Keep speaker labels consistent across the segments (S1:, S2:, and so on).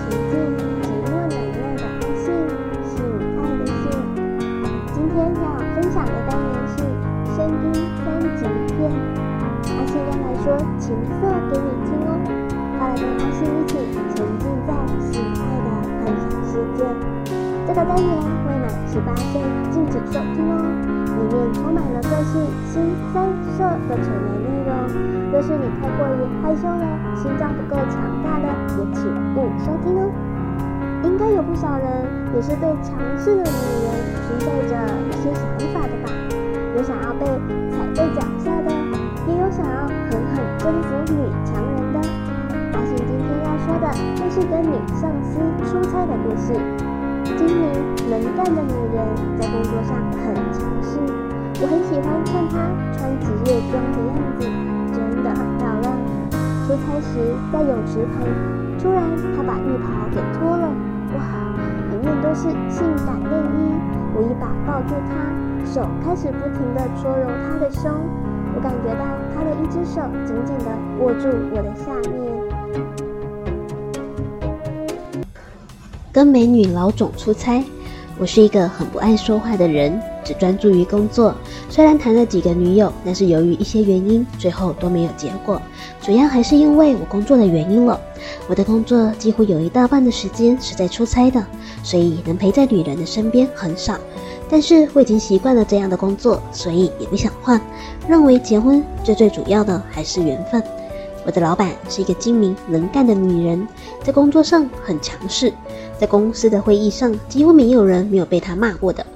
S1: 徐靜寂寞冷落的信，喜愛的信。今天要分享的單元是《聲音三級片》啊，我現在來說情色給你聽哦。快、啊、來跟阿信一起沉浸在喜愛的幻想世界。這個單元未滿十八歲禁止收聽哦。裡面充滿了個性、心酸澀的成人內容哦。若是你太過於害羞了，心臟不夠強大的，也請勿收聽哦。應該有不少人也是對強勢的女人存在着一些想法的吧？有想要被踩在腳下的，也有想要狠狠征服女強人的。阿信今天要說的就是跟女上司出差的故事。精明能幹的女人在工作上很強勢。我很喜歡看她穿職業裝的樣子，真的很漂亮。出差時在泳池旁，突然她把浴袍給脫了，哇，裡面都是性感內衣。我一把抱住她，手開始不停的搓揉她的胸。我感覺到她的一隻手緊緊的握住我的下面。
S2: 跟美女老總出差，我是一個很不愛說話的人，只專注於工作。雖然談了幾個女友，但是由於一些原因，最後都沒有結果。主要還是因為我工作的原因了。我的工作幾乎有一大半的時間是在出差的，所以能陪在女人的身邊很少。但是我已經習慣了這樣的工作，所以也不想換。認為結婚最最主要的還是緣分。我的老板是一個精明能幹的女人，在工作上很強勢，在公司的會議上幾乎沒有人沒有被她罵過的。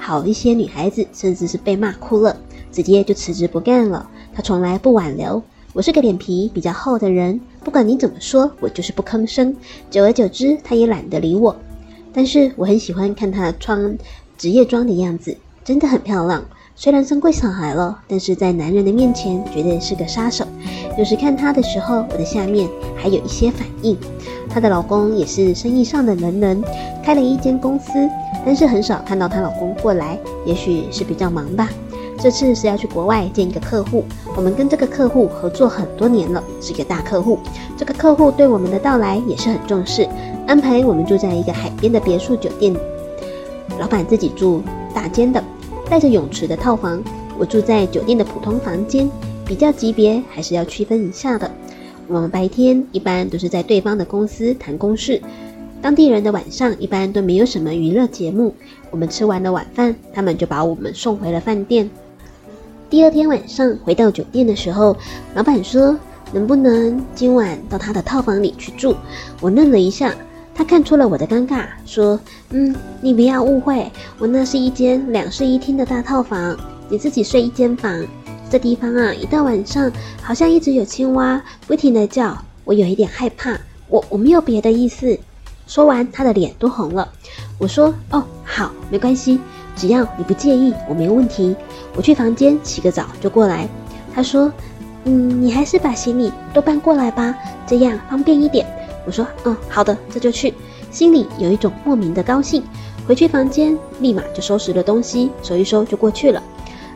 S2: 好一些女孩子甚至是被罵哭了，直接就辭職不幹了。她從來不挽留。我是個臉皮比較厚的人，不管你怎麼說，我就是不吭聲。久而久之，她也懶得理我。但是我很喜歡看她穿職業裝的樣子，真的很漂亮。雖然生過小孩了，但是在男人的面前絕對是個殺手。有時看她的時候，我的下面還有一些反應。她的老公也是生意上的能人，開了一間公司。但是很少看到她老公過來，也許是比較忙吧。這次是要去國外見一個客戶，我們跟這個客戶合作很多年了，是一個大客戶。這個客戶對我們的到來也是很重視，安排我們住在一個海邊的別墅酒店，老板自己住大間的，帶着泳池的套房。我住在酒店的普通房間，比較級別還是要區分一下的。我們白天一般都是在對方的公司談公事。當地人的晚上一般都沒有什麼娛樂節目。我們吃完了晚飯，他們就把我們送回了飯店。第二天晚上回到酒店的時候，老板說：“能不能今晚到他的套房裡去住？”我愣了一下，他看出了我的尷尬，說：“嗯，你不要誤會，我那是一間兩室一廳的大套房，你自己睡一間房。這地方啊，一到晚上好像一直有青蛙不停地叫，我有一點害怕。我我沒有別的意思。”說完，他的臉都紅了。我說：“哦，好，沒關係，只要你不介意，我沒有問題。我去房間洗個澡就過來。”他說：“嗯，你還是把行李都搬過來吧，這樣方便一點。”我說：“嗯，好的，這就去。”心裡有一種莫名的高興。回去房間，立馬就收拾了東西，收一收就過去了。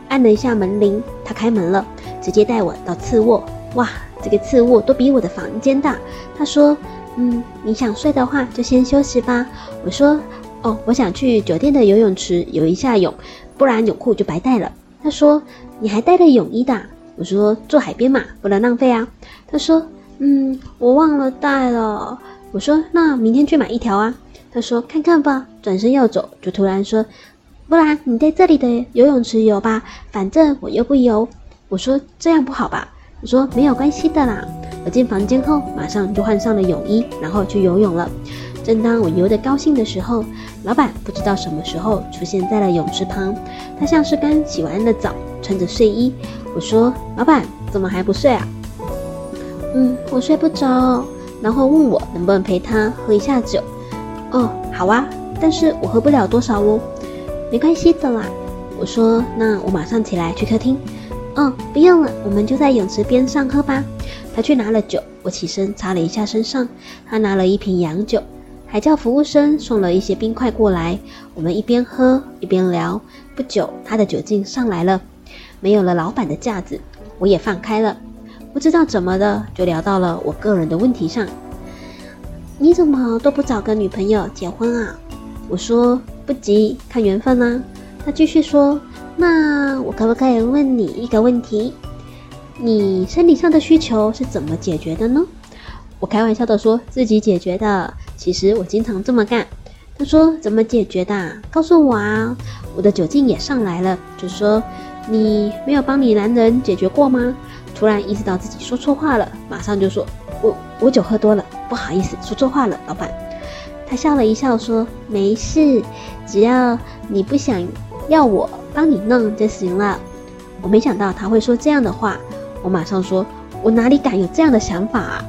S2: 按了一下門鈴，他開門了，直接帶我到次臥。哇，這個次臥都比我的房間大。他說。嗯，你想睡的話就先休息吧。我說，哦，我想去酒店的游泳池游一下泳，不然泳褲就白帶了。他說，你還帶了泳衣的？我說，住海邊嘛，不能浪費啊。他說，嗯，我忘了帶了。我說，那明天去買一條啊。他說，看看吧。轉身要走，就突然說，不然你在這裡的游泳池游吧，反正我又不游。我說，這樣不好吧？我說，沒有關係的啦。我進房間後，馬上就換上了泳衣，然後去游泳了。正當我游得高興的時候，老板不知道什麼時候出現在了泳池旁。他像是剛洗完的澡，穿着睡衣。我說：“老板，怎麼還不睡啊？”“嗯，我睡不着。”然後問我能不能陪他喝一下酒。“哦，好啊，但是我喝不了多少哦。”“沒關係的啦。”我說：“那我馬上起來去客廳。”“哦，不用了，我們就在泳池邊上喝吧。”他去拿了酒，我起身擦了一下身上。他拿了一瓶洋酒，還叫服務生送了一些冰塊過來。我們一邊喝一邊聊，不久他的酒勁上來了，沒有了老板的架子，我也放開了。不知道怎麼的，就聊到了我個人的問題上。你怎麼都不找個女朋友結婚啊？我說不急，看緣分啦、啊。他繼續說：“那我可不可以問你一個問題？”你生理上的需求是怎麼解決的呢？我開玩笑的說自己解決的，其實我經常這麼幹。他說怎麼解決的？告訴我啊！我的酒勁也上來了，就說你沒有幫你男人解決過嗎？突然意識到自己說錯話了，馬上就說我我酒喝多了，不好意思說錯話了，老板。他笑了一笑說沒事，只要你不想要我幫你弄就行了。我沒想到他會說這樣的話。我馬上說：“我哪裡敢有這樣的想法啊！”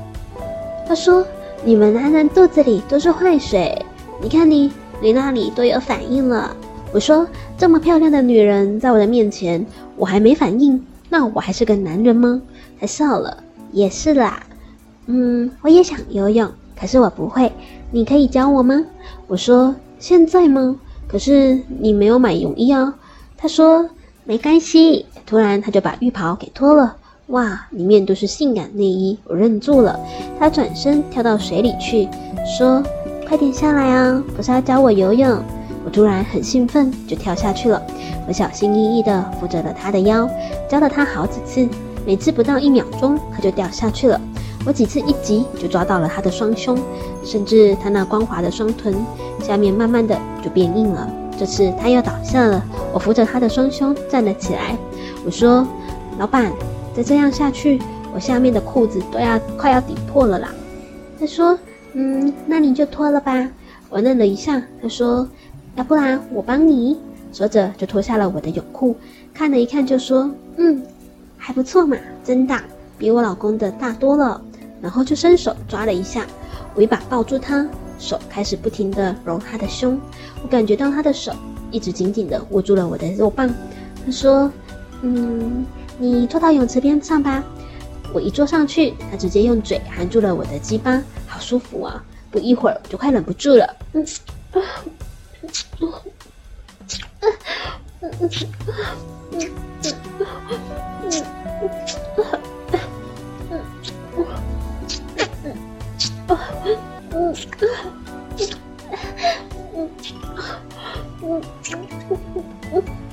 S2: 他說：“你們男人肚子裡都是壞水，你看你，你那裡都有反應了。”我說：“這麼漂亮的女人在我的面前，我還沒反應，那我還是個男人嗎？”他笑了：“也是啦。”嗯，我也想游泳，可是我不會，你可以教我嗎？我說：“現在嗎？可是你沒有買泳衣哦。”他說：“沒關係。”突然，他就把浴袍給脫了。哇！裡面都是性感內衣，我愣住了。她轉身跳到水裡去，說：“快點下來啊，不是要教我游泳。”我突然很興奮，就跳下去了。我小心翼翼地扶着了她的腰，教了她好幾次，每次不到一秒鐘她就掉下去了。我幾次一急就抓到了她的雙胸，甚至她那光滑的雙臀下面慢慢的就變硬了。這次她又倒下了，我扶着她的雙胸站了起來。我說：“老板。”再這樣下去，我下面的褲子都要快要頂破了啦。他說：“嗯，那你就脫了吧。”我愣了一下，他說：“要不然我幫你。”說着就脫下了我的泳褲，看了一看就說：“嗯，還不錯嘛，真大，比我老公的大多了。”然後就伸手抓了一下，我一把抱住他，手開始不停地揉他的胸。我感覺到他的手一直緊緊地握住了我的肉棒。他說：“嗯。”你坐到泳池邊上吧，我一坐上去，他直接用嘴含住了我的雞巴，好舒服啊！不一會兒我就快忍不住了。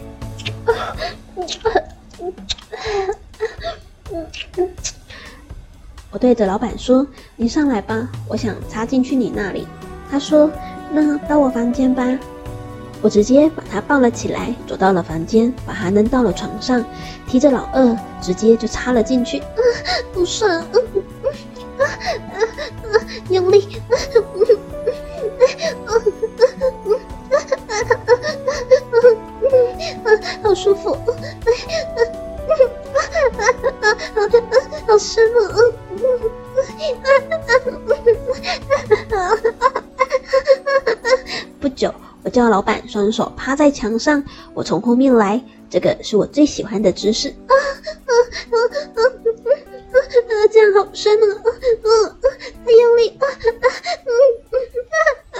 S2: 對着老板說：“你上來吧，我想插進去你那裡。”他說：“那到我房間吧。”我直接把他抱了起來，走到了房間，把他扔到了床上，提着老二直接就插了進去。啊、呃，不是啊、呃呃呃呃，用力。不久，我叫老板雙手趴在牆上，我從後面來，這個是我最喜歡的姿勢。啊啊啊啊啊！啊，這樣好深啊！啊啊啊！太用力啊啊啊！嗯嗯啊啊！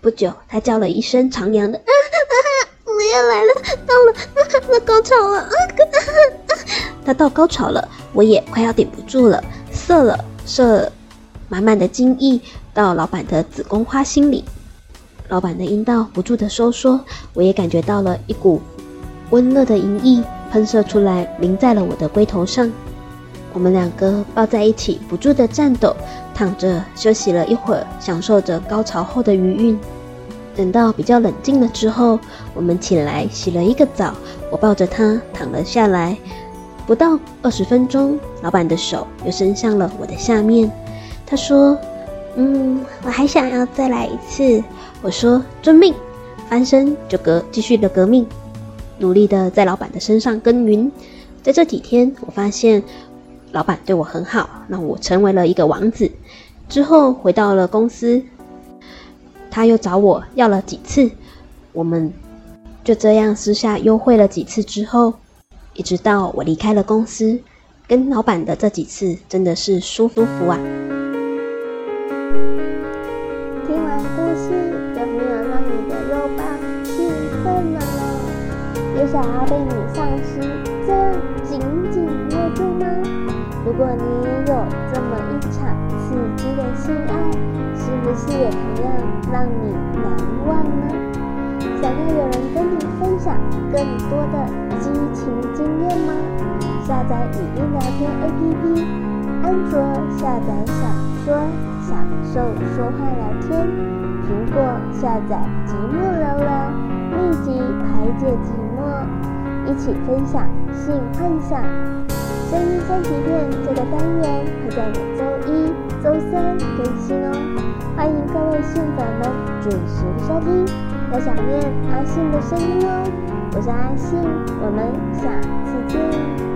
S2: 不久，他叫了一聲長揚的
S1: 啊啊！我也來了，到了，到了高潮了啊！哈、啊、
S2: 他到高潮了，我也快要頂不住了，射了射，滿滿的精液到老板的子宮花心裡。老板的陰道不住的收縮，我也感覺到了一股溫熱的淫液噴射出來，淋在了我的龜頭上。我們兩個抱在一起，不住的顫抖，躺着休息了一會兒，享受着高潮後的餘韻。等到比較冷靜了之後，我們起來洗了一個澡，我抱着他躺了下來。不到二十分鐘，老板的手又伸向了我的下面。他說：“嗯，我還想要再來一次。”我說遵命，翻身就革，繼續的革命，努力的在老板的身上耕耘。在這幾天，我發現老板對我很好，讓我成為了一個王子。之後回到了公司，他又找我要了幾次，我們就這樣私下幽會了幾次之後，一直到我離開了公司，跟老板的這幾次真的是舒舒服服啊。
S1: 性愛是不是也同樣讓你難忘呢？想要有人跟你分享更多的激情經驗嗎？下載語音聊天 APP，安卓下載享說，享受說話聊天；蘋果下載寂寞聊聊，立即排解寂寞，一起分享性幻想。聲音三級片這個單元，會在每周一。週三更新哦，歡迎各位性粉們準時收聽，要想念阿信的聲音哦。我是阿信，我們下次見。